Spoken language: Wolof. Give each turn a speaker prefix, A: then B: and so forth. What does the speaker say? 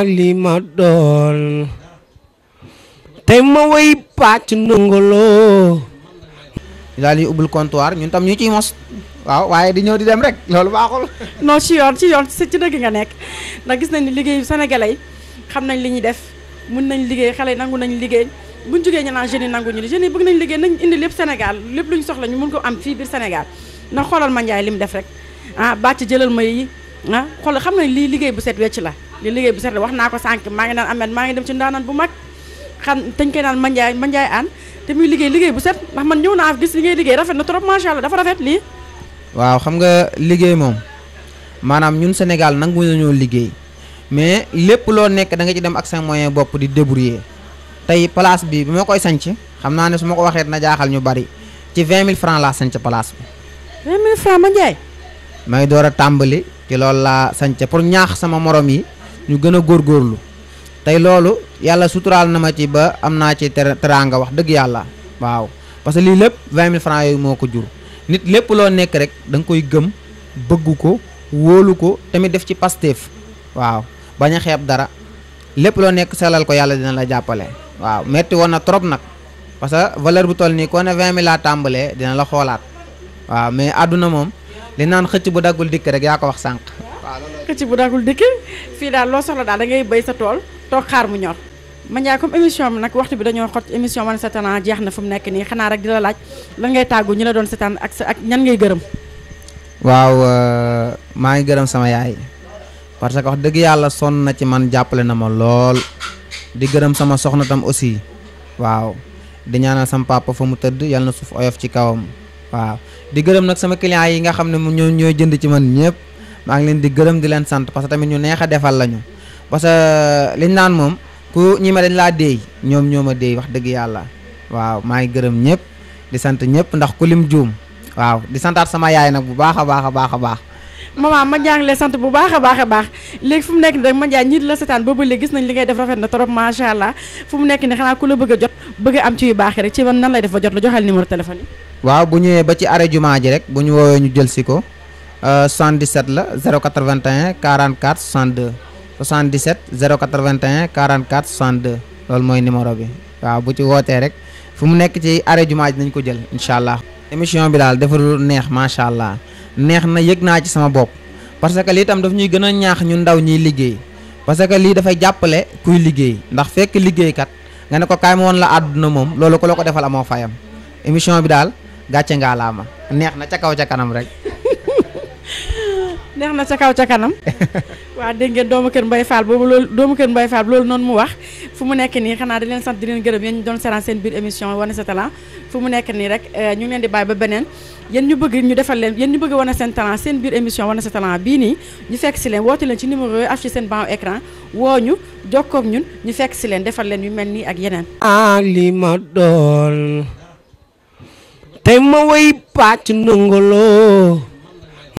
A: alimadol madol tema way pàcc nungolo daal ubul ubbul comptoir ñun tam ñu ci mos waaw waye
B: di ñëw di dem rek lolu baaxul no ci yor ci yor ci deug nga nek da gis nañ ni liggey sénégalais xam nañ li def mën nañ liggey xalé nangu nañ liggey buñ jogé ñana naan nangu ñu jeunes yi bëgg nañ liggey nañ indi lepp sénégal lepp luñ soxla ñu mën ko am fi bir sénégal na xolal ma ñay lim def rek ah bàcc jëlal ma yi ah xol xam nañ li liggey bu set wecc la li liggéey bu sedde wax naa ko sànq maa ngi naan amet maa ngi dem ci ndaanaan bu mag xam dañ koy naan manjaay manjaay an te muy liggéey liggéey bu set ndax man ñëw naa gis li ngay liggéey rafet na trop macha allah dafa rafet lii
A: waaw xam nga liggéey moom maanaam ñun Sénégal nangu nañoo liggéey mais lépp loo nekk da nga ci dem ak sa moyen bopp di débrouiller tey place bi bi ma koy sanc xam naa ne su ma ko waxee dina jaaxal ñu bari ci 20000 francs laa sanc place bi
B: 20000 francs ma
A: njaay may door a tàmbali ci loolu laa sanc pour ñaax sama morom yi ñu gën a góorlu tey loolu yàlla suturaal na ma ci ba am naa ci teraanga wax dëgg yàlla waaw parce que lii lépp vingt mille francs yooyu moo ko jur nit lépp loo nekk rek danga koy gëm bëgg ko wóolu ko tamit def ci pasteef waaw bañ a xeeb dara lépp loo nekk selal ko yàlla dina la jàppale waaw metti woon na trop nag parce que valeur bu toll nii koo ne vingt mille laa tàmbalee dina la xoolaat waaw mais àdduna moom li naan xëcc bu daggul dikk rek yaa ko wax sànq
B: nek ci bu daagul dikk fii daal loo soxla daal da ngay bay sa tol tok xaar mu ñor ma ñaa comme émission nak waxtu bi dañoo xot émission man seetaan jeex na fu mu nekk nii rek dila laaj la ngay tagu ñu la doon ak ak ñan ngay gëreum
A: waaw euh, ma ngi gëreum sama yaay parce que wax deug yalla son na ci man jàppale na ma lool di gëreum sama soxna tam aussi waaw di ñaanal sama papa fa mu tëdd yalla na suuf oyof ci kawam waaw di gëreum nak sama client yi nga xamne ñoo jënd ci man ñepp maa ngi leen di gërëm di leen sant parce que tamit ñu neex a defal lañu parce que liñ naan moom ku ñii ma dañ laa déey ñoom ñoo ma déey wax dëgg yàlla waaw maa ngi gërëm ñëpp di sant ñëpp ndax ku lim juum waaw di santaat sama yaay nag bu baax a baax a baax a baax
B: maman ma jàng sant bu baax a baax a baax léegi fu mu nekk ni rek ma jaan ñiit la setaan boobu léegi gis nañ li ngay def rafet na trop macha allah fu mu nekk ni xanaa ku la bëgg a jot am ci baax rek ci man nan lay def ba jot la joxal numéro téléphone
A: yi bu ñëwee ba ci arrêt ji rek bu ñu woowee ñu jël si ko 77 euh, la 081 44 62 77 081 44 62 loolu mooy numéro bi waaw bu ci wootee rek fu mu nekk ci arrêt jumaa ji nañ ko jël incha allah. émission bi daal dafa neex macha allah neex na yëg naa ci sama bopp parce que lii tam daf ñuy gën a ñaax ñu ndaw ñiy liggéey parce que lii dafay jàppale kuy liggéey ndax fekk liggéeykat nga ne ko kaay ma woon la àdduna moom loolu ko la ko defal amoo fayam émission bi daal gàcce ngaalaama neex na ca kaw ca kanam rek.
B: neex na ca kaw ca kanam waa dégg ngeen doomu kër Mbaye Fall boobu loolu doomu kër Mbaye Fall loolu noonu mu wax fu mu nekk nii xanaa di leen sant di leen gërëm yéen ñu doon seetaan seen biir émission wane sa talent fu mu nekk nii rek eh, ñu ngi leen di bàyyi ba beneen yéen ñu bëgg ñu defal leen yéen ñu bëgg wane seen talent seen biir émission wane sa talent bii nii ñu fekk si leen woote leen ci numéro yooyu affiché seen ban écran woo ñu jokkoog ñun ñu fekk si leen defal leen yu mel nii ak yeneen
A: li ma doon
B: tey ma way pàcc ndongoloo